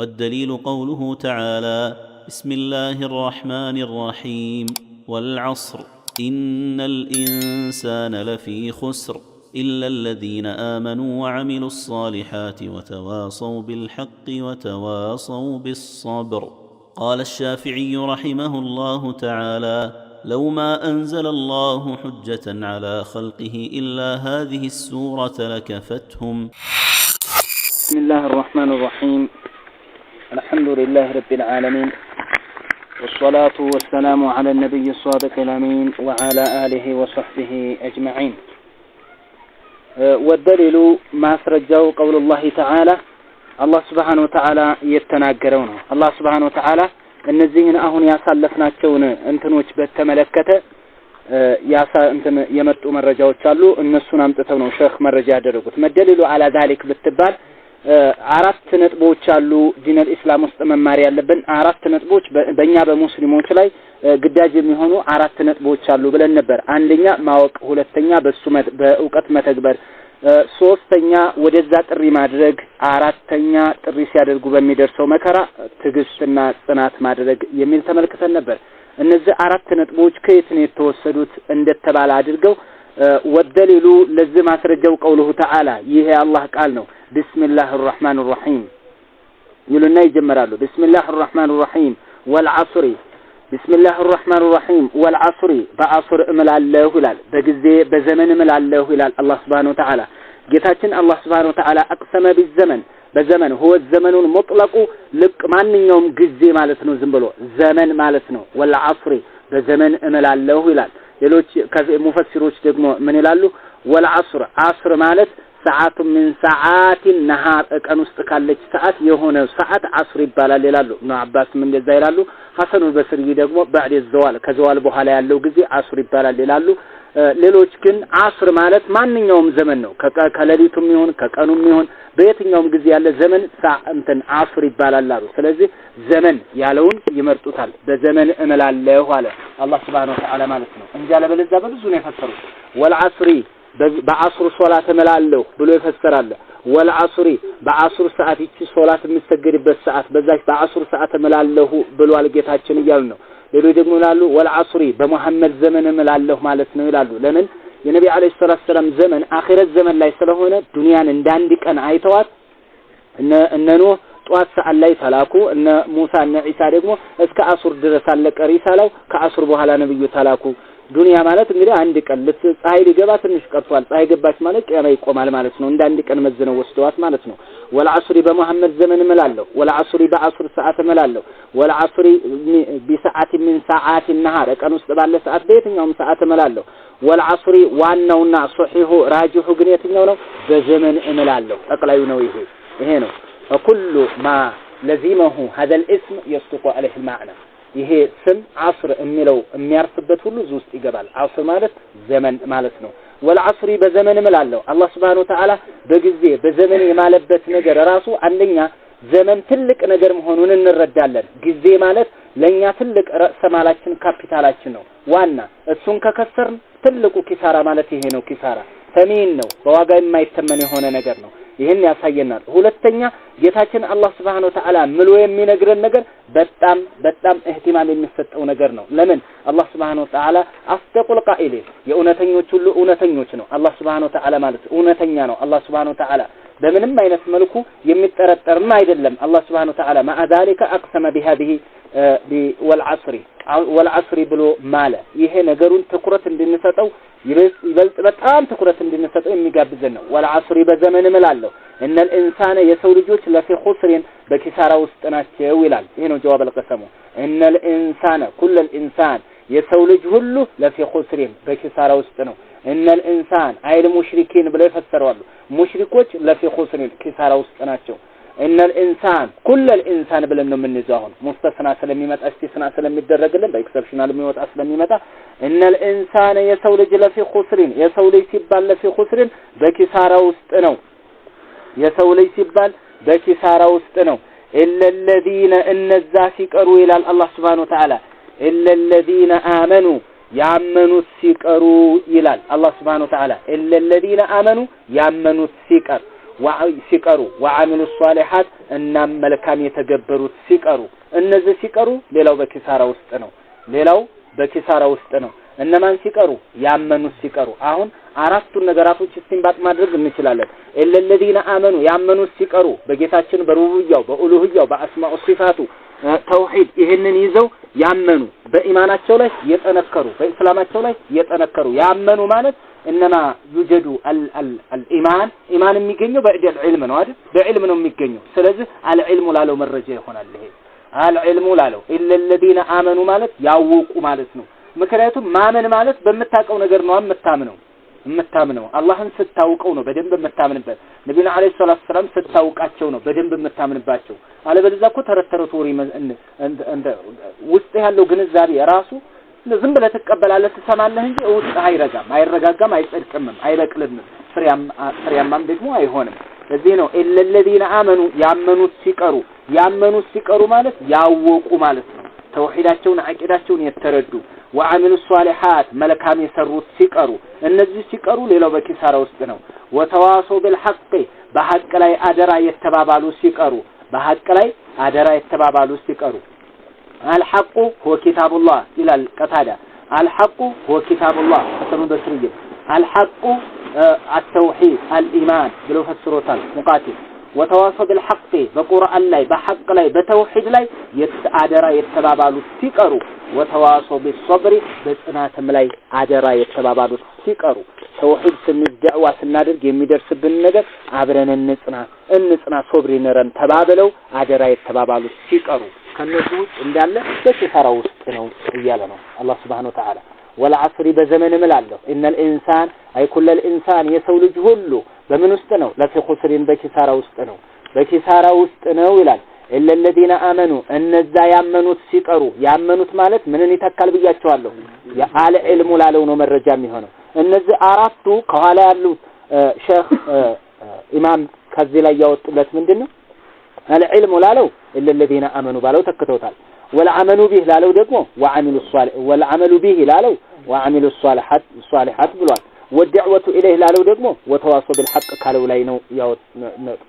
والدليل قوله تعالى بسم الله الرحمن الرحيم والعصر ان الانسان لفي خسر الا الذين امنوا وعملوا الصالحات وتواصوا بالحق وتواصوا بالصبر قال الشافعي رحمه الله تعالى لو ما انزل الله حجه على خلقه الا هذه السوره لكفتهم بسم الله الرحمن الرحيم الحمد لله رب العالمين والصلاة والسلام على النبي الصادق الأمين وعلى آله وصحبه أجمعين أه، والدليل ما سرجوا قول الله تعالى الله سبحانه وتعالى يتناقرونه الله سبحانه وتعالى أنت አሁን ያሳለፍናቸውን يا በተመለከተ ያሳ እንትን የመጡ መረጃዎች أن السنام አምጥተው شيخ ሸህ መረጃ ما الدليل على ذلك بالتبال አራት ነጥቦች አሉ ዲነል ኢስላም ውስጥ መማር ያለብን አራት ነጥቦች በእኛ በሙስሊሞች ላይ ግዳጅ የሚሆኑ አራት ነጥቦች አሉ ብለን ነበር። አንደኛ ማወቅ፣ ሁለተኛ በሱ በእውቀት መተግበር፣ ሶስተኛ ወደዛ ጥሪ ማድረግ፣ አራተኛ ጥሪ ሲያደርጉ በሚደርሰው መከራ ትዕግስትና ጽናት ማድረግ የሚል ተመልክተን ነበር። እነዚህ አራት ነጥቦች ከየት ነው የተወሰዱት እንደተባለ አድርገው ወደሌሉ ለዚህ ማስረጃው ቀውልሁ ተዓላ ይሄ የአላህ ቃል ነው ቢስሚላህ ራሕማን ራሒም ይሉና ይጀምራሉ ቢስሚላህ ራሕማን ራሒም ወልዓሱሪ ቢስሚላህ ራሕማን ራሒም ወልዓሱሪ በአሱር እምላለሁ ይላል። በጊዜ በዘመን እምላለሁ ይላል አላህ ስብሓነሁ ወተዓላ። ጌታችን አላህ ስብሓነሁ ወተዓላ አቅሰመ ቢዘመን በዘመን ህወ ዘመኑን ሞጥለቁ ልቅ ማንኛውም ጊዜ ማለት ነው። ዝም ብሎ ዘመን ማለት ነው። ወልዓሱሪ በዘመን እምላለሁ ይላል። ሌሎች ሙፈሲሮች ደግሞ ምን ይላሉ? ወልዓሱር ዓሱር ማለት ሰዓቱ ምን ሰዓት ነሃር ቀን ውስጥ ካለች ሰዓት የሆነ ሰዓት አስር ይባላል ይላሉ። እብኑ አባስም እንደዛ ይላሉ። ሐሰኑ በስሪ ደግሞ ባዕድ ዘዋል ከዘዋል በኋላ ያለው ጊዜ አስር ይባላል ይላሉ። ሌሎች ግን አስር ማለት ማንኛውም ዘመን ነው። ከሌሊቱም ይሁን ከቀኑም ይሁን በየትኛውም ጊዜ ያለ ዘመን እንትን አስር ይባላል አሉ። ስለዚህ ዘመን ያለውን ይመርጡታል። በዘመን እምላለሁ አለ አላህ ሱብሓነሁ ወተዓላ ማለት ነው እንጂ አለበለዚያ በብዙ ነው የፈሰሩት ወልዓስሪ በአሱር ሶላት እምላለሁ ብሎ ይፈሰራል። ወልአሱሪ በአሱር ሰዓት ይቺ ሶላት የምትሰገድበት ሰዓት በዛች በአሱር ሰዓት እምላለሁ ብሏል ጌታችን እያሉ ነው። ሌሎች ደግሞ ይላሉ ወልአሱሪ በመሐመድ ዘመን እምላለሁ ማለት ነው ይላሉ። ለምን የነቢ አለይሂ ሰላቱ ሰላም ዘመን አኺረት ዘመን ላይ ስለሆነ ዱንያን እንደ አንድ ቀን አይተዋት። እነ እነ ኖህ ጠዋት ሰዓት ላይ ተላኩ። እነ ሙሳ እነ ዒሳ ደግሞ እስከ አሱር ድረስ አለ ቀሪ ከአሱር በኋላ ነብዩ ተላኩ። ዱንያ ማለት እንግዲህ አንድ ቀን ልት ፀሐይ ሊገባ ትንሽ ቀርቷል። ፀሐይ ገባች ማለት ቅያማ ይቆማል ማለት ነው። እንደ አንድ ቀን መዝነው ወስደዋት ማለት ነው። ወልዐሱሪ በመሐመድ ዘመን እምላለሁ፣ ወልዐሱሪ በዐሱር ሰዓት እምላለሁ፣ ወልዐሱሪ ቢሰዓት ሚን ሰዓት ነሃር ቀን ውስጥ ባለ ሰዓት በየትኛውም ሰዓት እምላለሁ። ወልዐሱሪ ዋናውና ሶሒሁ ራጅሑ ግን የትኛው ነው? በዘመን እምላለሁ። ጠቅላዩ ነው ይሄ ይሄ ነው ኩሉ ማ ለዚመሁ ሀዘል እስም የስቱቁ አለህ ልማዕና ይሄ ስም አስር የሚለው የሚያርፍበት ሁሉ እዚህ ውስጥ ይገባል። አስር ማለት ዘመን ማለት ነው። ወልአስሪ በዘመን እላለሁ። አላህ ስብሓነሁ ወተዓላ በጊዜ በዘመን የማለበት ነገር ራሱ አንደኛ ዘመን ትልቅ ነገር መሆኑን እንረዳለን። ጊዜ ማለት ለእኛ ትልቅ ርዕሰ ማላችን ካፒታላችን ነው ዋና። እሱን ከከሰርን ትልቁ ኪሳራ ማለት ይሄ ነው። ኪሳራ ሰሚን ነው፣ በዋጋ የማይተመን የሆነ ነገር ነው። ይህን ያሳየናል። ሁለተኛ ጌታችን አላህ ስብሐነ ወተዓላ ምሎ የሚነግረን ነገር በጣም በጣም እህቲማም የሚሰጠው ነገር ነው። ለምን አላህ ስብሐነ ወተዓላ አስደቁል ቃኢሊን የእውነተኞች ሁሉ እውነተኞች ነው። አላህ ስብሐነ ወተዓላ ማለት እውነተኛ ነው። አላህ ስብሐነ ወተዓላ በምንም አይነት መልኩ የሚጠረጠርም አይደለም። አላህ ስብሐነ ወተዓላ ማአ አቅሰመ ቢሃዚህ ወልዓስሪ ወልዓስሪ ብሎ ማለ። ይሄ ነገሩን ትኩረት እንድንሰጠው ይበልጥ በጣም ትኩረት እንድንሰጠው የሚጋብዘን ነው። ወልዓስሪ በዘመን እምላለሁ እነል ኢንሳነ የሰው ልጆች ለፊ ኹስሪን በኪሳራ ውስጥ ናቸው ይላል። ይሄ ነው ጀዋብ አልቀሰሙ እነል ኢንሳነ ኩለል ኢንሳን የሰው ልጅ ሁሉ ለፊ ኹስሪን በኪሳራ ውስጥ ነው። እነል ኢንሳን አይል ሙሽሪኪን ብለው ይፈሰረዋሉ። ሙሽሪኮች ለፊ ኹስሪን ኪሳራ ውስጥ ናቸው። እነል ኢንሳን ኩለል ኢንሳን ብለን ነው የምንይዘው። አሁን ሙስተስና ስለሚመጣ እስቲስና ስለሚደረግልን በኤክሰፕሽናል የሚወጣ ስለሚመጣ እነል ኢንሳን የሰው ልጅ ለፊ ኹስሪን የሰው ልጅ ሲባል ለፊ ኹስሪን በኪሳራ ውስጥ ነው። የሰው ልጅ ሲባል በኪሳራ ውስጥ ነው። ኢለለዚነ እነዛ ሲቀሩ ይላል አላህ ሱብሓነሁ ወተዓላ ኢለለዚነ አመኑ ያመኑት ሲቀሩ ይላል አላህ ሱብሓነሁ ወተዓላ ኢለለዚነ አመኑ ያመኑት ሲቀር ሲቀሩ ወአሚሉ ሷሊሓት እናም መልካም የተገበሩት ሲቀሩ እነዚህ ሲቀሩ ሌላው በኪሳራ ውስጥ ነው። ሌላው በኪሳራ ውስጥ ነው። እነማን ሲቀሩ? ያመኑት ሲቀሩ። አሁን አራቱን ነገራቶች እስቲንባጥ ማድረግ እንችላለን። እለለዚነ አመኑ ያመኑት ሲቀሩ በጌታችን በሩቡብያው በኡሉህያው በአስማኡ ሲፋቱ ተውሂድ ይህንን ይዘው ያመኑ በኢማናቸው ላይ የጠነከሩ በኢስላማቸው ላይ የጠነከሩ ያመኑ ማለት እነማ ዩጀዱ አልኢማን ኢማን የሚገኘው በዕደል ዒልም ነው አይደል? በዕልም ነው የሚገኘው። ስለዚህ አልዕልሙ ላለው መረጃ ይሆናል ይሄ አልዕልሙ ላለው ኢለ ለዚነ አመኑ ማለት ያወቁ ማለት ነው። ምክንያቱም ማመን ማለት በምታውቀው ነገር ነው የምታምነው የምታምነው አላህን ስታውቀው ነው በደንብ የምታምንበት። ነቢዩን ዓለይሂ ሰላቱ ሰላም ስታውቃቸው ነው በደንብ የምታምንባቸው። አለበለዚያ እኮ ተረት ተረት ወሬ ውስጥ ያለው ግንዛቤ ራሱ ዝም ብለህ ትቀበላለህ፣ ትሰማለህ እንጂ ውስጥ አይረጋም፣ አይረጋጋም፣ አይጸድቅምም፣ አይበቅልምም፣ ፍሬያማም ደግሞ አይሆንም። እዚህ ነው ኢለለዚነ አመኑ ያመኑት ሲቀሩ ያመኑት ሲቀሩ ማለት ያወቁ ማለት ነው። ተውሂዳቸውን አቂዳቸውን የተረዱ ወአሚሉ ሷሊሓት መልካም የሰሩት ሲቀሩ እነዚህ ሲቀሩ ሌላው በኪሳራ ውስጥ ነው። ወተዋሶ ቢልሐቅ በሐቅ ላይ አደራ የተባባሉ ሲቀሩ በሐቅ ላይ አደራ የተባባሉ ሲቀሩ አልሐቁ ሆ ኪታቡላህ ይላል ቀታዳ። አልሐቁ ሆ ኪታቡላህ ሐሰኑ በስርይ አልሐቁ አተውሂድ አልኢማን ብሎ ፈስሮታል ሙቃቲል። ወተዋሶ ቢልሐቅ በቁርአን ላይ በሐቅ ላይ በተውሂድ ላይ አደራ የተባባሉት ሲቀሩ ወተዋሶ ቢሶብሪ በጽናትም ላይ አደራ የተባባሉት ሲቀሩ ተውሂድ ስንል ደዕዋ ስናደርግ የሚደርስብን ነገር አብረን እንጽና እንጽና ሶብር ይነረን ተባብለው አደራ የተባባሉት ሲቀሩ ከነሱ ውጭ እንዳለ በኪሳራ ውስጥ ነው እያለ ነው አላህ ስብሓነሁ ወተዓላ ወልዓስሪ በዘመን እምላለሁ ኢነል ኢንሳን አይ ኩለል ኢንሳን የሰው ልጅ ሁሉ በምን ውስጥ ነው ለፊ ኹስሪን በኪሳራ ውስጥ ነው በኪሳራ ውስጥ ነው ይላል ኢለ ለዚነ አመኑ እነዛ ያመኑት ሲቀሩ ያመኑት ማለት ምንን ይተካል ብያቸዋለሁ አለ ዕልሙ ላለው ነው መረጃ የሚሆነው እነዚህ አራቱ ከኋላ ያሉት ሼህ ኢማም ከዚህ ላይ ያወጡለት ምንድን ነው አልዕልሙ ላለው ኢለ ለዚነ አመኑ ባለው ተክተውታል። ወልዓመሉ ቢህ ላለው ደግሞ ወልዓመሉ ቢህ ላለው ወዓሚሉ ሷሊሓት ብሏል። ወደዕወቱ ኢለይህ ላለው ደግሞ ወተዋሶ ቢልሐቅ ካለው ላይ ነው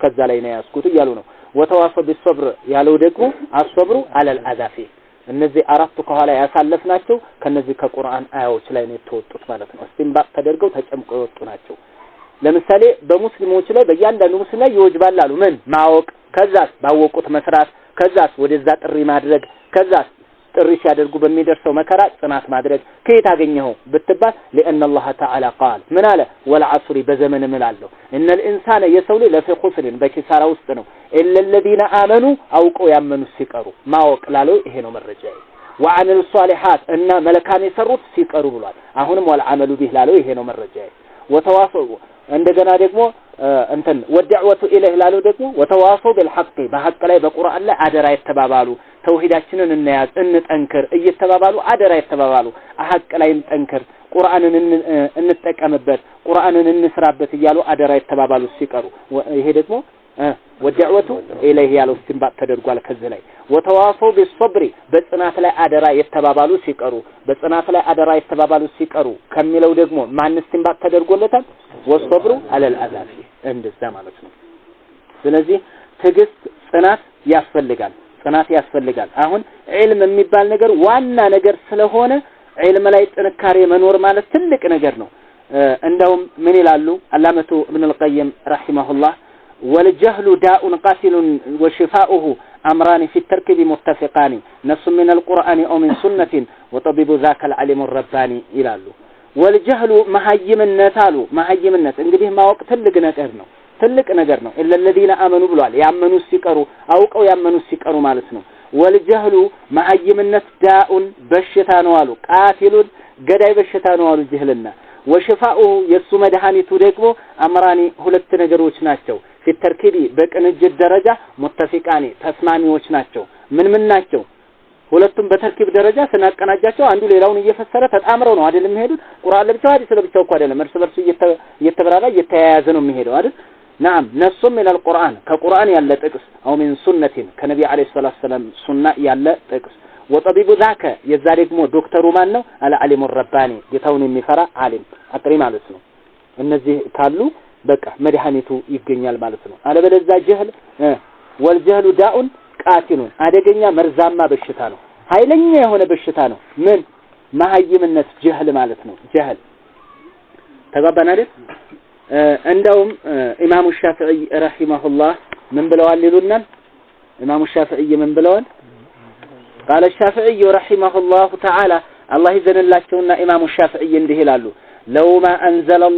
ከዛ ላይ ነው ያስኩት እያሉ ነው። ወተዋሶ ቢሶብር ያለው ደግሞ አሶብሩ አለል አዛፊ እነዚህ አራቱ ከኋላ ያሳለፍ ናቸው። ከነዚህ ከቁርአን አያዎች ላይ ነው የተወጡት ማለት ነው። እስቲንባጥ ተደርገው ተጨምቆ የወጡ ናቸው። ለምሳሌ በሙስሊሞች ላይ በእያንዳንዱ ሙስሊም ላይ ይወጅባል አሉ። ምን ማወቅ፣ ከዛስ ባወቁት መስራት፣ ከዛስ ወደዛ ጥሪ ማድረግ፣ ከዛስ ጥሪ ሲያደርጉ በሚደርሰው መከራ ጽናት ማድረግ። ከየት አገኘኸው ብትባል ለአን አላህ ተዓላ ቃል ምን አለ? ወልዐስሪ በዘመን እምላለሁ እነል ኢንሳነ የሰው ልጅ ለፊ ኹስሪን በኪሳራ ውስጥ ነው። ኢለ ለዚነ አመኑ አውቀው ያመኑ ሲቀሩ ማወቅ ላለው ይሄ ነው መረጃ። ወዐሚሉ ሷሊሓት እና መልካም የሰሩት ሲቀሩ ብሏል። አሁንም ወልዐመሉ ቢህ ላለው ይሄ ነው መረጃ። ወተዋሰው እንደገና ደግሞ እንትን ወዳዕወቱ ኢለህ ላሉ ደግሞ ወተዋሰው ቢልሐቅ በሐቅ ላይ በቁርአን ላይ አደራ የተባባሉ ተውሂዳችንን እናያዝ እንጠንክር እየተባባሉ አደራ የተባባሉ አሐቅ ላይም ጠንክር ቁርአንን እንጠቀምበት ቁርአንን እንስራበት እያሉ አደራ የተባባሉ ሲቀሩ ይሄ ደግሞ ወደዕወቱ ኢለይህ ያለው ሲንባጥ ተደርጓል። ከዚህ ላይ ወተዋሰው ቢሶብሪ በጽናት ላይ አደራ የተባባሉ ሲቀሩ በጽናት ላይ አደራ የተባባሉ ሲቀሩ ከሚለው ደግሞ ማንስ ሲንባጥ ተደርጎለታል? ወሶብሩ አለል አዛፊ እንደዛ ማለት ነው። ስለዚህ ትዕግስት፣ ጽናት ያስፈልጋል። ጽናት ያስፈልጋል። አሁን ዒልም የሚባል ነገር ዋና ነገር ስለሆነ ዒልም ላይ ጥንካሬ መኖር ማለት ትልቅ ነገር ነው። እንደውም ምን ይላሉ አላመቱ እብኑል ቀይም ረሂመሁላህ ወልጀህሉ ዳኡን ቀሲሉን ወሽፋኡሁ አምራኒ ፊተርኪቢ ሙተፊቃኒ ነሱ ምን አልቁርአን አው ምን ሱነቲን ወጠቢቡ ዛከ ልዓሊሙ ረባኒ ይላሉ። ወልጀህሉ መሀይምነት አሉ። መሀይምነት እንግዲህ ማወቅ ትልቅ ነገር ነው። ትልቅ ነገር ነው። ለለዚነ አመኑ ብሏል። ያመኑ ሲቀሩ አውቀው ያመኑ ሲቀሩ ማለት ነው። ወልጀህሉ መሀይምነት ዳኡን በሽታ ነው አሉ። ቃቲሉን ገዳይ በሽታ ነው አሉ። ጅህልና ወሽፋኡ የእሱ መድኃኒቱ ደግሞ አምራኒ ሁለት ነገሮች ናቸው። ፊተርኪቢ በቅንጅት ደረጃ ሙተፊቃኔ ተስማሚዎች ናቸው። ምን ምን ናቸው? ሁለቱም በተርኪብ ደረጃ ስናቀናጃቸው አንዱ ሌላውን እየፈሰረ ተጣምረው ነው አይደል የሚሄዱት። ቁርአን ለብቻው ሐዲስ ለብቻው እኮ አይደለም፣ እርስ በርሱ እየተበራራ እየተያያዘ ነው የሚሄደው አይደል። ናም ነሱም ሚነል ቁርአን ከቁርአን ያለ ጥቅስ፣ አው ሚን ሱነቲን ከነቢ ዓለይሂ ሰላቱ ወሰላም ሱና ያለ ጥቅስ። ወጠቢቡ ዛከ የዛ ደግሞ ዶክተሩ ማን ነው? አልዓሊሙ ረባኒ ጌታውን የሚፈራ ዓሊም አቅሪ ማለት ነው። እነዚህ ካሉ በቃ መድኃኒቱ ይገኛል ማለት ነው። አለበለዛ ጀህል ወልጀህሉ ዳኡን ቃቲሉን አደገኛ መርዛማ በሽታ ነው። ኃይለኛ የሆነ በሽታ ነው። ምን መሀይምነት ጀህል ማለት ነው። ጀህል ተጓባን አይደል? እንደውም ኢማሙ ሻፊዒ ረሂመሁላህ ምን ብለዋል ይሉናል። ኢማሙ ሻፊዒ ምን ብለዋል? ቃለ ሻፊዒ ረሂመሁላሁ ተዓላ አላህ ይዘንላቸውና ኢማሙ ሻፊዒ እንዲህ ይላሉ ለው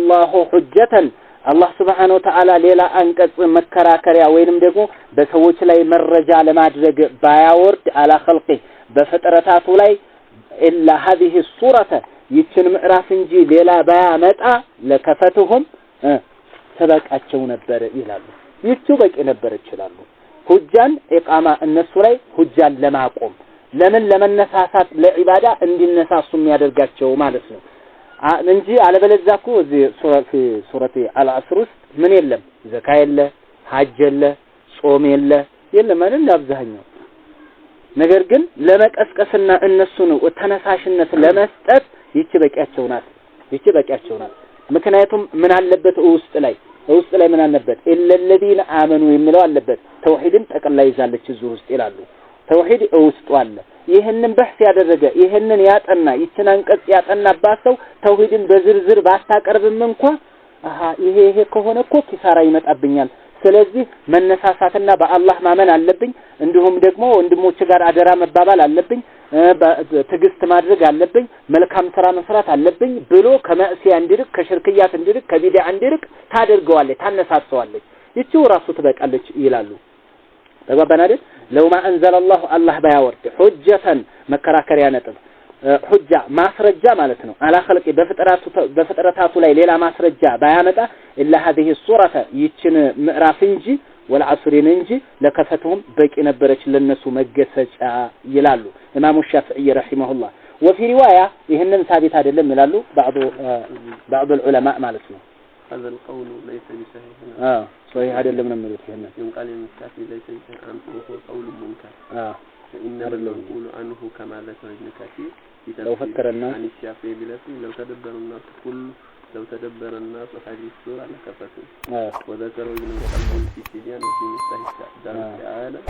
ማ ሁጀተን አላህ ስብሓነ ወተዓላ ሌላ አንቀጽ መከራከሪያ ወይንም ደግሞ በሰዎች ላይ መረጃ ለማድረግ ባያወርድ አላ ኸልቂ በፍጥረታቱ ላይ ኢላ ሀዚህ ሱረተ ይችን ምዕራፍ እንጂ ሌላ ባያመጣ ለከፈትሁም ተበቃቸው ነበር ይላሉ። ይቹ በቂ ነበር ይችላሉ። ሁጃን ኢቃማ እነሱ ላይ ሁጃን ለማቆም ለምን ለመነሳሳት ለዒባዳ እንዲነሳሱ የሚያደርጋቸው ማለት ነው። እንጂ አለበለዛ እኮ እዚህ ሱረት ሱረት አልአስር ውስጥ ምን የለም፣ ዘካ የለ፣ ሀጅ የለ፣ ጾም የለ የለም አይደል? ለአብዛኛው ነገር ግን ለመቀስቀስና እነሱን ተነሳሽነት ለመስጠት ይቺ በቂያቸው ናት። ይቺ በቂያቸው ናት። ምክንያቱም ምን አለበት ውስጥ ላይ ውስጥ ላይ ምን አለበት? ኢለለዚነ አመኑ የሚለው አለበት። ተውሂድን ጠቅላይ ይዛለች እዚህ ውስጥ ይላሉ። ተውሂድ እውስጡ አለ። ይህንን በሕስ ያደረገ ይህንን ያጠና ይችን አንቀጽ ያጠናባት ሰው ተውሂድን በዝርዝር ባታቀርብም እንኳ አሀ ይሄ ይሄ ከሆነ እኮ ኪሳራ ይመጣብኛል። ስለዚህ መነሳሳትና በአላህ ማመን አለብኝ። እንዲሁም ደግሞ ወንድሞች ጋር አደራ መባባል አለብኝ። ትዕግስት ማድረግ አለብኝ። መልካም ስራ መስራት አለብኝ ብሎ ከመዕሲያ እንዲርቅ፣ ከሽርክያት እንዲርቅ፣ ከቢድዓ እንዲርቅ ታደርገዋለች፣ ታነሳሰዋለች። ይቺው ራሱ ትበቃለች ይላሉ። ተግባባን አይደል? ለውማ አንዘለ አላሁ አላህ ባያወርድ ሁጀተን መከራከሪያ ነጥብ ሁጃ ማስረጃ ማለት ነው። አላ ኸልቂ በፍጥረታቱ ላይ ሌላ ማስረጃ ባያመጣ ኢላ ሀዚህ ሱረተ ይችን ምዕራፍ እንጂ ወልዓሱሪን እንጂ ለከፈተውም በቂ ነበረች ለነሱ መገሰጫ ይላሉ ኢማሙ ሻፍዕይ ረሒመሁላህ። ወፊ ሪዋያ ይህንን ሳቢት አይደለም ይላሉ ባዕዱ ዑለማ ማለት ነው። هذا القول ليس بصحيح اه صحيح አይደለም ነው የሚሉት ይሄንን من قال المفتاح ليس بصحيح عنه هو قول منكر اه فإنما المقول عنه كما ذكر ابن كثير لو فكر الناس عن الشافعي بلفظه لو تدبر الناس كل لو تدبر الناس حديث السورة لكفته آه. وذكروا ابن القيم في التبيان وفي مفتاح دار السعادة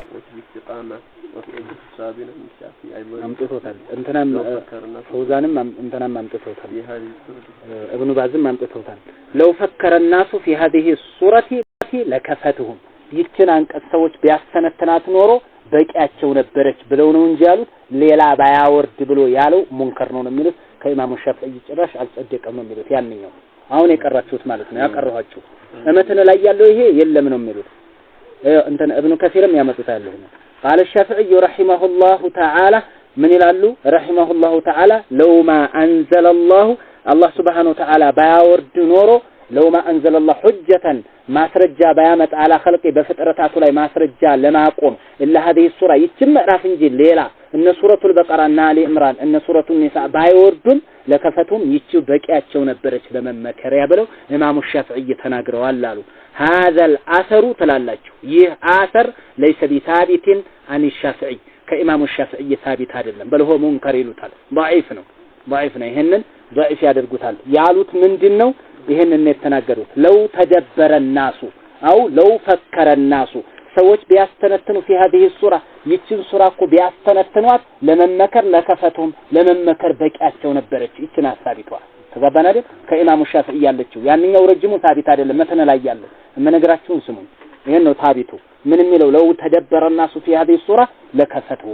አምጥቶታል። እንትናም ፈውዛንም እንትናም አምጥቶታል። እብኑ ባዝም አምጥቶታል። ለው ፈከረ ናሱ ፊ ሀዚህ ሱረቲ ለከፈትሁም ይችን አንቀጽ ሰዎች ቢያስተነትናት ኖሮ በቂያቸው ነበረች ብለው ነው እንጂ ያሉት ሌላ ባያወርድ ብሎ ያለው ሙንከር ነው ነው የሚሉት። ከኢማሙ ሻፍዒይ ጭራሽ አልጸደቀም ነው የሚሉት። ያንኛው አሁን የቀራችሁት ማለት ነው ያቀረኋችሁ እመትን ላይ ያለው ይሄ የለም ነው የሚሉት። እንትን እብኑ ከሲርም ያመጡታል ነው قال الشافعي رحمه الله تعالى ምን ይላሉ رحمه الله تعالى لو ما انزل الله الله سبحانه وتعالى ባያወርድ ኖሮ ለው ማ አንዘለላህ ማስረጃ ባያመጣ አላ ኸልቂ በፍጥረታቱ ላይ ማስረጃ ለማቆም ኢላ ሀዚህ ሱራ ይችን ምዕራፍ እንጂ ሌላ እነ ሱረቱል በቀራ እና አሊ ኢምራን እነ ሱረቱ ኒሳ ባይወርዱም ለከፈቱም ይቺው በቂያቸው ነበረች ለመመከሪያ ብለው ኢማሙ ሻፍዕይ ተናግረዋል አሉ። ሀዘል አሰሩ ትላላችሁ። ይህ አሰር ለይሰ ቢሳቢቲን አን ሻፍዒ ከኢማሙ ሻፍዒ ሳቢት አይደለም፣ በልሆ ሙንከር ይሉታል። ضعيف ነው ضعيف ነው። ይሄንን ضعيف ያደርጉታል። ያሉት ምንድን ነው? ይሄንን የተናገሩት ለው ተደበረ ናሱ አው ለው ፈከረ ናሱ ሰዎች ቢያስተነትኑ في هذه الصوره ይችን ሱራ እኮ ቢያስተነትኗት ለመመከር ለከፈቱም ለመመከር በቂያቸው ነበረች። ይችን አሳቢቷል ተጋባን አይደል? ከኢማሙ ሻፊዒ ያለችው ያንኛው ረጅሙ ታቢት አይደለም፣ መተነ ላይ ያለው እመነግራችሁን ስሙኝ። ይሄን ነው ታቢቱ ምን የሚለው ለው الناس في هذه الصوره ለከፈተው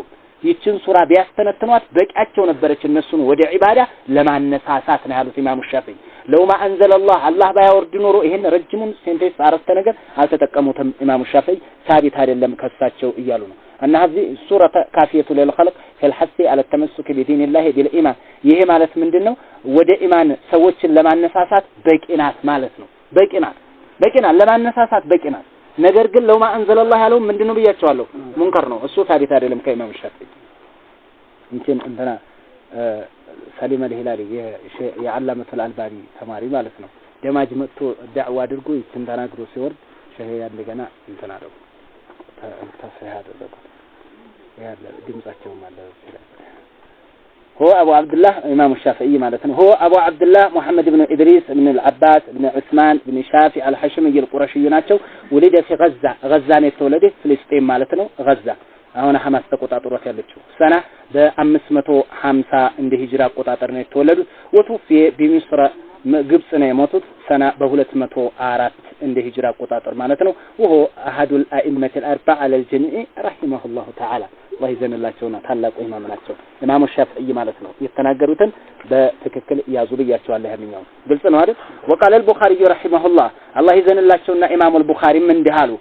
ይችን ሱራ ቢያስተነትኗት በቂያቸው ነበረች እነሱን ወደ ዒባዳ ለማነሳሳት ነው ያሉት ኢማሙ ሻፊዒ ለውማ አንዘለላህ አላህ ባያወርድ ኖሮ ይሄን ረጅሙን ሴንቴንስ አረፍተ ነገር አልተጠቀሙትም ኢማሙ ሻፊዒ ሳቢት አይደለም ከሳቸው እያሉ ነው እና እዚህ ሱረተ ካፊየቱ ለልኸልቅ ፊልሐሲ አለ ተመሱክ ቢልኢማን ይሄ ማለት ምንድን ነው ወደ ኢማን ሰዎችን ለማነሳሳት በቂ ማለት ነው በቂ ናት ለማነሳሳት በቂ ነገር ግን ለውማ አንዘለላህ ያለው ምንድን ነው ብያቸዋለሁ ሙንከር ነው እሱ ታሪት አይደለም ከኢማም ሻፊዒ እንትን እንትና ሰሊም አልሂላሊ የአላመቱል አልባኒ ተማሪ ማለት ነው ደማጅ መጥቶ ዳዕዋ አድርጎ ይችን ተናግሮ ሲወርድ ሸህ እንደገና እንትን አደረጉ ተስሪህ አደረጉ ያለ ድምጻቸውም አለ هو أبو عبد الله إمام الشافعي مالتنا هو أبو عبد الله محمد بن إدريس بن العباس بن عثمان بن شافعي الحشمي القرشي ናቸው ولد في غزة غزة ነው የተወለደ ፍልስጤም ማለት ነው غزة አሁን ሐማስ ተቆጣጥሯት ያለችው ሰና በ550 እንደ ሂጅራ አቆጣጠር ነው የተወለዱት ወቱፊ በሚስራ ግብጽ ነው የሞቱት ሰና በ204 እንደ ሂጅራ አቆጣጠር ማለት ነው። ወሆ አሀዱል አኢመት አልአርባ አለል ጀሚዕ ረሂመሁላሁ ተዓላ አላህ ይዘንላቸውና ታላቁ ኢማም ናቸው፣ ኢማሙ ሻፍዒ ማለት ነው። የተናገሩትን በትክክል ያዙ ብያቸዋለሁ። ያምኛው ግልጽ ነው አይደል? ወቃለ አልቡኻሪዩ ረሂመሁላህ አላህ ይዘንላቸውና ኢማሙ አልቡኻሪም እንዲህ አሉ።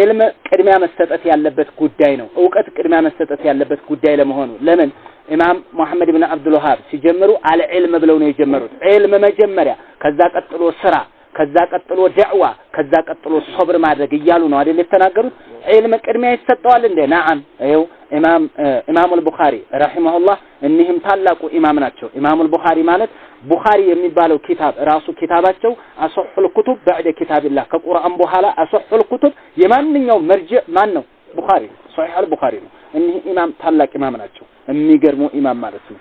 ዒልም ቅድሚያ መሰጠት ያለበት ጉዳይ ነው። እውቀት ቅድሚያ መሰጠት ያለበት ጉዳይ ለመሆኑ ለምን ኢማም መሐመድ ብን አብዱልውሃብ ሲጀምሩ አልዕልም ብለው ነው የጀመሩት። ዒልም መጀመሪያ፣ ከዛ ቀጥሎ ስራ ከዛ ቀጥሎ ደዕዋ፣ ከዛ ቀጥሎ ሶብር ማድረግ እያሉ ነው አይደል የተናገሩት። ዒልም ቅድሚያ ይሰጠዋል እንዴ? ነዓም። ይኸው ኢማም ኢማሙል ቡኻሪ ረሂመሁላህ እኒህም ታላቁ ኢማም ናቸው። ኢማሙል ቡኻሪ ማለት ቡኻሪ የሚባለው ኪታብ ራሱ ኪታባቸው አሶሑል ኩቱብ በዕደ ኪታቢላህ ከቁርአን በኋላ አሶሑል ኩቱብ የማንኛው መርጅዕ ማን ነው? ቡኻሪ ሶሒሕ አልቡኻሪ ነው። እኒህ ኢማም ታላቅ ኢማም ናቸው። የሚገርሙ ኢማም ማለት ነው።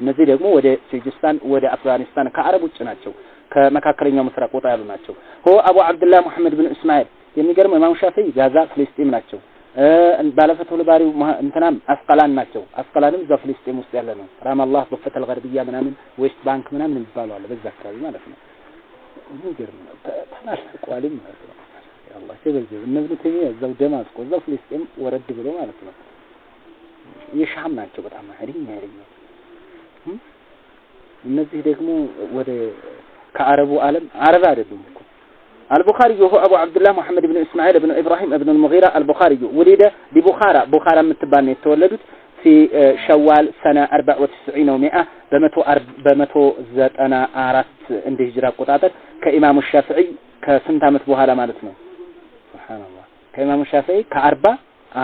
እነዚህ ደግሞ ወደ ሲጅስታን ወደ አፍጋኒስታን ከአረብ ውጭ ናቸው። ከመካከለኛው ምስራቅ ወጣ ያሉ ናቸው። ሆ አቡ አብድላህ መሐመድ ብን እስማኤል የሚገርመው ኢማሙ ሻፊዒ ጋዛ ፍልስጤም ናቸው። ባለፈተው ልባሪው እንትናም አስቀላን ናቸው። አስቀላንም እዛ ፍልስጤም ውስጥ ያለ ነው። ራማላህ በፈተል ገርብያ ምናምን ዌስት ባንክ ምናምን የሚባለው አለ በዛ አካባቢ ማለት ነው። የሚገርም ነው። ተናልቋልም ማለት ነው። ያአላህ ጀበልጀብ እነብኑ ተይሚያ እዛው ደማስቆ እዛው ፍልስጤም ወረድ ብሎ ማለት ነው። የሻም ናቸው በጣም ሀይለኛ ሀይለኛ እነዚህ ደግሞ ወደ ከአረቡ ዓለም አረብ አይደሉም እኮ አልቡኻሪዩ ሁ አቡ አብዱላህ ሙሐመድ ብን እስማኤል ብን ኢብራሂም ብን ልሙራ አልቡኻሪዩ ውሊደ ቢቡኻራ ቡኻራ የምትባል ነው የተወለዱት ፊ ሸዋል ሰነ አርባ ወትስዒነ ሚአ በመቶ ዘጠና አራት እንደ ሂጅራ አቆጣጠር ከኢማሙ ሻፍዒ ከስንት ዓመት በኋላ ማለት ነው? ሱብሓነላህ ከኢማሙ ሻፍዒ ከአርባ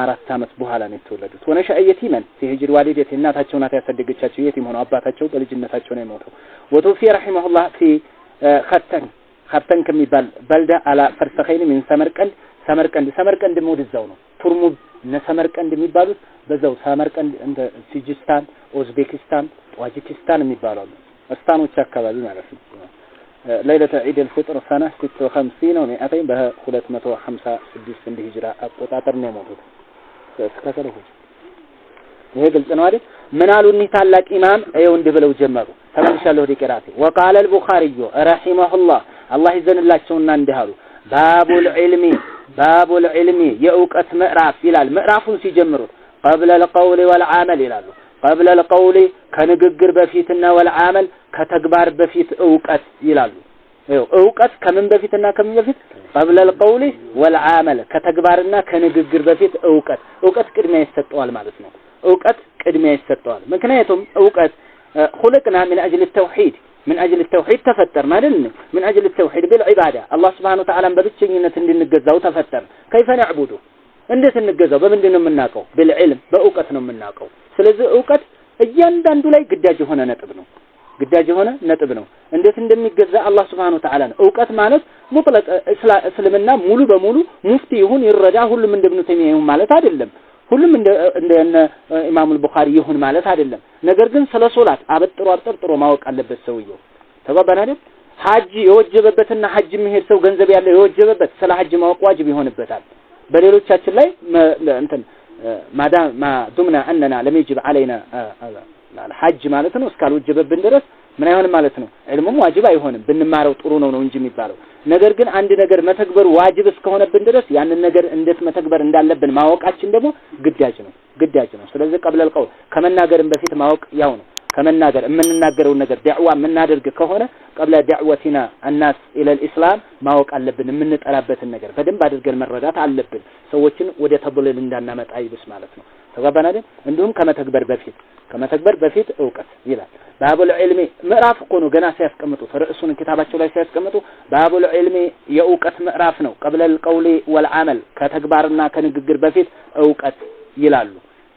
አራት ዓመት በኋላ ነው የተወለዱት። ወነሻ የቲመን ፊ ሂጅር እናታቸው ናት ያሳደገቻቸው የቲም ሆነው አባታቸው በልጅነታቸው ነው የሞተው። ወቱፊ ረሒመሁላህ ከተን ከተን ከሚባል በልዳ አላ ፈርሰኸይን ሚን ሰመርቀንድ ሰመርቀንድ ሰመርቀንድ ሞድ እዛው ነው። ቱርሙዝ እነ ሰመርቀንድ የሚባሉት በዛው ሰመርቀንድ እንደ ሲጂስታን፣ ኡዝቤኪስታን፣ ጣጂኪስታን የሚባሉ አሉ። እስታኖች አካባቢ ማለት ነው። ለይለተ عيد الفطر ሰነ 56 و 200 بها 256 ሀምሳ ስድስት እንደ ሂጅራ አቆጣጠር ነው የሞቱት ከሰለፎች። ይሄ ግልጽ ነው አይደል? ምን አሉ ጀመሩ ተመልሻለሁ ወደ ቂራቴ ወቃለ አልቡኻሪዩ ረሒመሁላህ አላህ ይዘንላቸውና እንዲህ አሉ ባቡል ዒልሚ ባቡል ዒልሚ የእውቀት ምዕራፍ ይላል ምዕራፉን ሲጀምሩት ቀብለ ልቀውሊ ወልዓመል ይላሉ ቀብለ ልቀውሊ ከንግግር በፊትና ወልዓመል ከተግባር በፊት እውቀት ይላሉ እውቀት ከምን በፊትና ከምን በፊት ቀብለ ልቀውሊ ወልዓመል ከተግባርና ከንግግር በፊት እውቀት እውቀት ቅድሚያ ይሰጠዋል ማለት ነው እውቀት ቅድሚያ ይሰጠዋል ምክንያቱም እውቀት ሁልቅና ምን አጅል ተውሒድ ምን አጅል ተውሒድ ተፈጠር ማለት ነው። ምን አጅል ተውሒድ ብል ዒባዳ አላህ ስብሓነ ወተዓላን በብቸኝነት እንድንገዛው ተፈጠር። ከይፈ ነዕቡዱ እንዴት እንገዛው? በምንድን ነው የምናውቀው? ብልዕልም በእውቀት ነው የምናውቀው። ስለዚህ እውቀት እያንዳንዱ ላይ ግዳጅ የሆነ ነጥብ ነው። ግዳጅ የሆነ ነጥብ ነው። እንዴት እንደሚገዛ አላህ ስብሓነ ወተዓላ ነው። እውቀት ማለት ሙጥለቅ እስልምና ሙሉ በሙሉ ሙፍቲ ይሁን ይረዳ ሁሉም እንደ ኢብኑ ተይሚያ ይሁን ማለት አይደለም። ሁሉም እንደ እነ ኢማሙል ቡኻሪ ይሁን ማለት አይደለም። ነገር ግን ስለ ሶላት አበጥሮ አብጠርጥሮ ማወቅ አለበት ሰውየው። ተባባና አይደል? ሐጅ የወጀበበትና ሐጅ የሚሄድ ሰው ገንዘብ ያለው የወጀበበት ስለ ሐጅ ማወቅ ዋጅብ ይሆንበታል። በሌሎቻችን ላይ እንትን ማዳ ዱምና አነና ለሚጅብ አለይና ሐጅ ማለት ነው እስካልወጀበብን ድረስ ምን አይሆንም ማለት ነው። ዕልሙም ዋጅብ አይሆንም። ብንማረው ጥሩ ነው ነው እንጂ የሚባለው ነገር ግን አንድ ነገር መተግበር ዋጅብ እስከሆነብን ድረስ ያንን ነገር እንዴት መተግበር እንዳለብን ማወቃችን ደግሞ ግዳጅ ነው ግዳጅ ነው። ስለዚህ ቀብለል ቀውል ከመናገርን በፊት ማወቅ ያው ነው። ከመናገር የምንናገረውን ነገር ዳዕዋ የምናደርግ ከሆነ ቀብለ ዳዕወቲና አናስ ኢለል ኢስላም ማወቅ አለብን። የምንጠራበትን ነገር በደንብ አድርገን መረዳት አለብን። ሰዎችን ወደ ተብልል እንዳናመጣ ይብስ ማለት ነው። ተጓባናል። እንዲሁም ከመተግበር በፊት ከመተግበር በፊት እውቀት ይላል። ባቡል ዒልሚ ምዕራፍ እኮ ነው ገና ሲያስቀምጡ ርዕሱን ኪታባቸው ላይ ሲያስቀምጡ ባቡል ዒልሚ የእውቀት ምዕራፍ ነው። ቀብለል ቀውሊ ወልዓመል ከተግባርና ከንግግር በፊት እውቀት ይላሉ።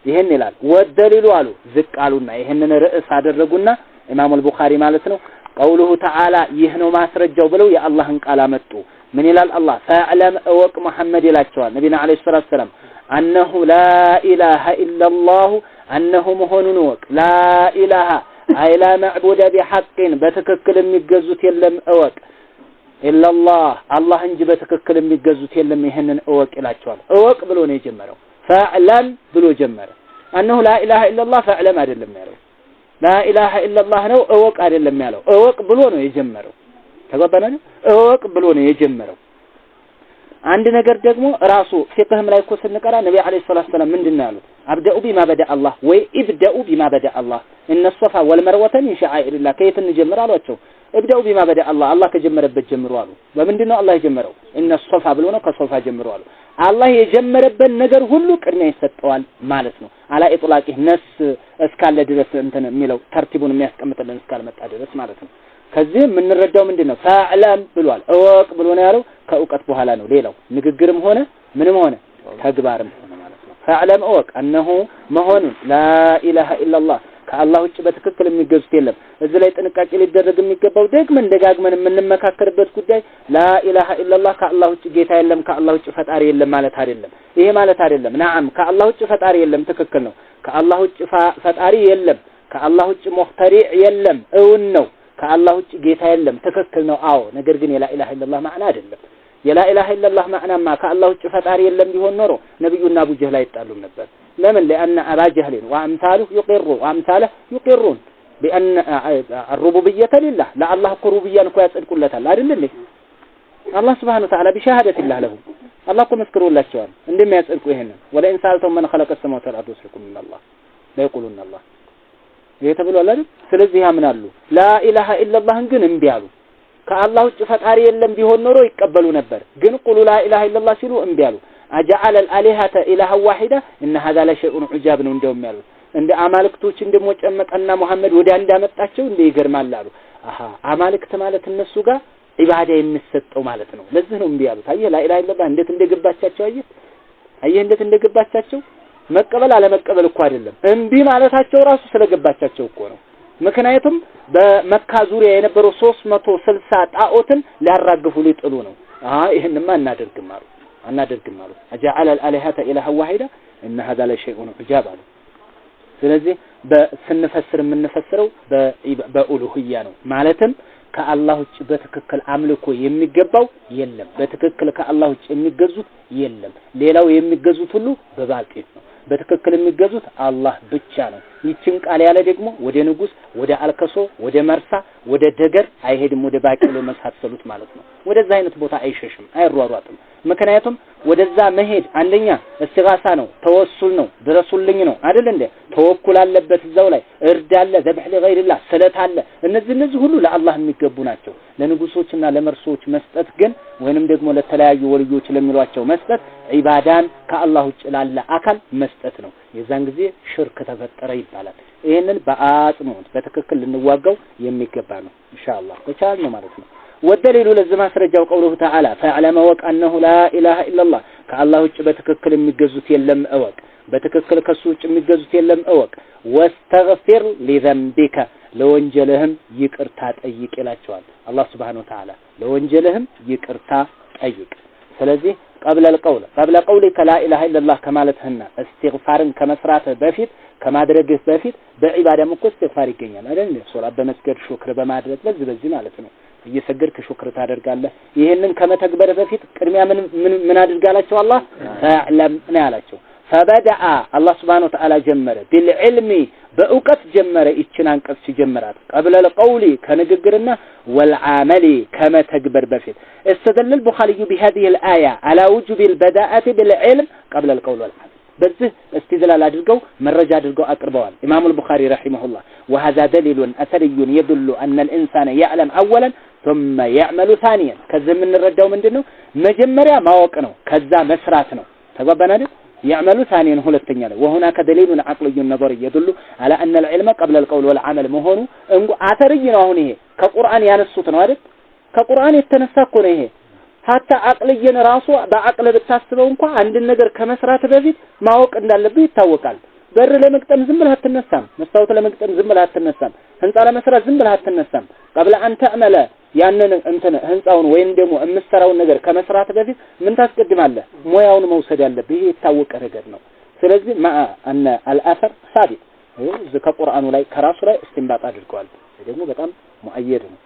ይህን ይላል ወደሊሉ አሉ ዝቅ አሉና ይህንን ርዕስ አደረጉና ኢማሙል ቡኻሪ ማለት ነው ቀውሉሁ ተዓላ ይህ ነው ማስረጃው ብለው የአላህን ቃል አመጡ ምን ይላል አላህ ፈዕለም እወቅ መሐመድ ይላቸዋል ነቢና አለ ሰላት ሰላም አነሁ ላኢላሃ ኢላላሁ አነሁ መሆኑን እወቅ ላኢላሃ አይላ መዕቡደ ቢሐቅን በትክክል የሚገዙት የለም እወቅ ኢላላህ አላህ እንጂ በትክክል የሚገዙት የለም ይህንን እወቅ ይላቸዋል እወቅ ብሎ ነው የጀመረው ፈዕለም ብሎ ጀመረ። አነሁ ላኢላሃ ኢለላህ ፈዕለም አይደለም ያለው፣ ላኢላሃ ኢለላህ ነው እወቅ አይደለም ያለው። እወቅ ብሎ ነው የጀመረው። ተጓባናል። እወቅ ብሎ ነው የጀመረው። አንድ ነገር ደግሞ ራሱ ፊቅህም ላይ እኮ ስንቀራ ነቢ ዓለይሂ ሰላቱ ወሰላም ምንድን ነው ያሉት? አብደኡ ቢማ በደአ አላህ ወይ ኢብደኡ ቢማ በደአ አላህ እነ ወልመርወተን ኢን ከየት እንጀምር አሏቸው። እብደው ቢማ በደ አላህ አላህ ከጀመረበት ጀምሮ አሉ። በምንድን ነው አላህ የጀመረው? እነ ሶፋ ብሎ ነው ከሶፋ ጀምሮ አሉ። አላህ የጀመረበት ነገር ሁሉ ቅድሚያ ይሰጠዋል ማለት ነው። አላ ኢጥላቂ ነስ እስካለ ድረስ እንትን የሚለው ተርቲቡን የሚያስቀምጥልን እስካልመጣ ድረስ ማለት ነው። ከዚህ የምንረዳው ምንድን ነው? ፈዕለም ብሏል፣ እወቅ ብሎ ነው ያለው። ከእውቀት በኋላ ነው ሌላው ንግግርም ሆነ ምንም ሆነ ተግባርም ሆነ ማለት ነው። ፈዕለም እወቅ እነሆ መሆኑን ላኢላሃ ኢላላህ ከአላህ ውጭ በትክክል የሚገዙት የለም። እዚህ ላይ ጥንቃቄ ሊደረግ የሚገባው ደግመን ደጋግመን የምንመካከርበት ጉዳይ ላኢላሃ ኢላላህ ከአላህ ውጭ ጌታ የለም፣ ከአላህ ውጭ ፈጣሪ የለም ማለት አይደለም። ይሄ ማለት አይደለም። ናዓም ከአላህ ውጭ ፈጣሪ የለም፣ ትክክል ነው። ከአላህ ውጭ ፈጣሪ የለም፣ ከአላህ ውጭ ሙኽተሪዕ የለም፣ እውን ነው። ከአላህ ውጭ ጌታ የለም፣ ትክክል ነው። አዎ፣ ነገር ግን የላኢላሃ ኢላላህ ማዕና አይደለም። የላኢላሃ ኢላላህ ማዕናማ ከአላህ ውጭ ፈጣሪ የለም ቢሆን ኖሮ ነቢዩና አቡ ጀህል አይጣሉም ነበር። ለምን لأن أبا جهل وأمثاله يقر وأمثاله يقرون بأن الربوبية لله لا الله እኮ ሩቡያን እኮ ያጸድቁለታል አይደል እንዴ አላህ ስብሐነ ወተዓላ بشهادة الله له አላህ እኮ መስክሮላቸዋል እንደሚያጸድቁ ይሄንን ወለኢን ሰአልተሁም መን ኸለቀ ሰማዋት ወልአርድ ወስልኩም ኢላላህ ለይቁሉና አላህ ይሄ ተብሏል አይደል ስለዚህ ያምናሉ ላኢላሃ ኢላላህን ግን እምቢ አሉ ከአላህ ውጭ ፈጣሪ የለም ቢሆን ኖሮ ይቀበሉ ነበር ግን ቁሉ ላኢላሃ ኢላላህ ሲሉ እምቢ አሉ አጃአለ አልአሊሀተ ኢላሃ ዋሂዳ እና ሀዛ ለሸይኡን ዑጃብ ነው እንደውም ያሉት። እንደ አማልክቶችን ደግሞ ጨመቀና ሙሐመድ ወደ አንድ አመጣቸው። እንደ ይገርማል አሉ። አሀ አማልክት ማለት እነሱ ጋር ኢባዳ የሚሰጠው ማለት ነው። ለዚህ ነው እንዲህ ያሉት። አየህ ላኢላሀ ኢለላህ እንዴት እንደገባቻቸው አየህ፣ አየህ እንዴት እንደገባቻቸው። መቀበል አለመቀበል እኮ አይደለም እምቢ ማለታቸው ራሱ ስለገባቻቸው እኮ ነው። ምክንያቱም በመካ ዙሪያ የነበረው ሶስት መቶ ስልሳ ጣዖትን ሊያራግፉ ሊጥሉ ነው። አሀ ይህንማ እናደርግም አሉ። አናደርግም አሉ። አጃአለ አልአሊሀተ ኢላሀን ዋሂዳ እነ ሀዛ ለሸይኡን ዑጃብ አሉ። ስለዚህ ስንፈስር የምንፈስረው በኡሉህያ ነው። ማለትም ከአላህ ውጭ በትክክል አምልኮ የሚገባው የለም። በትክክል ከአላህ ውጭ የሚገዙት የለም። ሌላው የሚገዙት ሁሉ በባጢል ነው። በትክክል የሚገዙት አላህ ብቻ ነው። ይችን ቃል ያለ ደግሞ ወደ ንጉስ፣ ወደ አልከሶ፣ ወደ መርሳ፣ ወደ ደገር አይሄድም፣ ወደ ባቄሎ መሳሰሉት ማለት ነው። ወደዛ አይነት ቦታ አይሸሽም፣ አይሯሯጥም። ምክንያቱም ወደዛ መሄድ አንደኛ እስቲጋሳ ነው፣ ተወሱል ነው፣ ድረሱልኝ ነው አይደል እንዴ? ተወኩል አለበት እዛው ላይ እርድ አለ፣ ዘብሕ ለገይርላ ስለት አለ። እነዚህ እነዚህ ሁሉ ለአላህ የሚገቡ ናቸው። ለንጉሶችና ለመርሶች መስጠት ግን ወይንም ደግሞ ለተለያዩ ወልዮች ለሚሏቸው መስጠት ዒባዳን ከአላህ ውጭ ላለ አካል መስጠት ነው። የዛን ጊዜ ሽርክ ተፈጠረ ይባላል። ይህንን በአጽንኦት በትክክል ልንዋጋው የሚገባ ነው ኢንሻአላህ ነው ማለት ነው። ወደሌሉ ለዚህ ማስረጃው ቀውሉሁ ተዓላ ፈዕለመ ወቅ አነሁ ላኢላሃ ኢላላህ ከአላህ ውጭ በትክክል የሚገዙት የለም እወቅ። በትክክል ከሱ ውጭ የሚገዙት የለም እወቅ። ወስተግፊር ሊዘንቢከ ለወንጀልህም ይቅርታ ጠይቅ ይላቸዋል አላህ ስብሓነሁ ወተዓላ ለወንጀልህም ይቅርታ ጠይቅ። ስለዚህ ቀብለል ቀውል ቀብለ ቀውሊ ከላኢላሃ ኢለላህ ከማለትህና እስትግፋርን ከመስራትህ በፊት ከማድረግህ በፊት በዒባዳም እኮ እስትግፋር ይገኛል አይደል? ሶላት በመስገድ ሹክር በማድረግ በዚህ በዚህ ማለት ነው። እየሰገድክ ሹክር ታደርጋለህ። ይህንን ከመተግበር በፊት ቅድሚያ ምን ምን አድርጋላቸው አላህ ፈዕለም ነው ያላቸው። ፈበደአ አላህ ስብሓነ ወተዓላ ጀመረ ቢልዕልሚ በእውቀት ጀመረ። ይችን አንቀጽ ሲጀምራት ቀብለል ቀውሊ ከንግግርና ወልዓመሊ ከመተግበር በፊት እስተደለል ቡኻሪዩ ቢሃዚህ ልአያ አላ ውጁብ ልበዳአቲ ብልዕልም ቀብለል ቀውል ወልዓመል በዚህ استدلال አድርገው መረጃ አድርገው አቅርበዋል ኢማሙ البخاري رحمه الله وهذا دليل أثري يدل أن الإنسان يعلم أولا ثم يعمل ثانيا ከዚህ የምንረዳው ምንድን ነው? መጀመሪያ ማወቅ ነው፣ ከዛ መስራት ነው። ተጓባን ያዕመሉ ሳኔን ሁለተኛ ላይ ወሁናከ ደሊሉን ዐቅልዩን ነበሪ የድሉ አላ አነል ዒልመ ቀብለል ቀውል ወልዐመል መሆኑ እንጉ አተርይ ነው። አሁን ይሄ ከቁርአን ያነሱት ነው አይደል? ከቁርአን የተነሳ እኮ ነው ይሄ ሀታ አቅልይን ራሱ በአቅል ብታስበው እንኳ አንድን ነገር ከመስራት በፊት ማወቅ እንዳለብህ ይታወቃል። በር ለመግጠም ዝም ብለህ አትነሳም። መስታወት ለመግጠም ዝም ብለህ አትነሳም። ህንፃ ለመስራት ዝም ብለህ አትነሳም። ቀብለ አንተ እመለ ያንን እንትን ህንፃውን ወይም ደግሞ የምትሰራውን ነገር ከመስራት በፊት ምን ታስቀድማለህ? ሙያውን መውሰድ ያለብህ ይሄ የታወቀ ነገር ነው። ስለዚህ ማአ አነ አልአሰር ሳቢት ከቁርአኑ ላይ ከራሱ ላይ እስትንባጥ አድርገዋል። ደግሞ በጣም ሙአየድ ነው።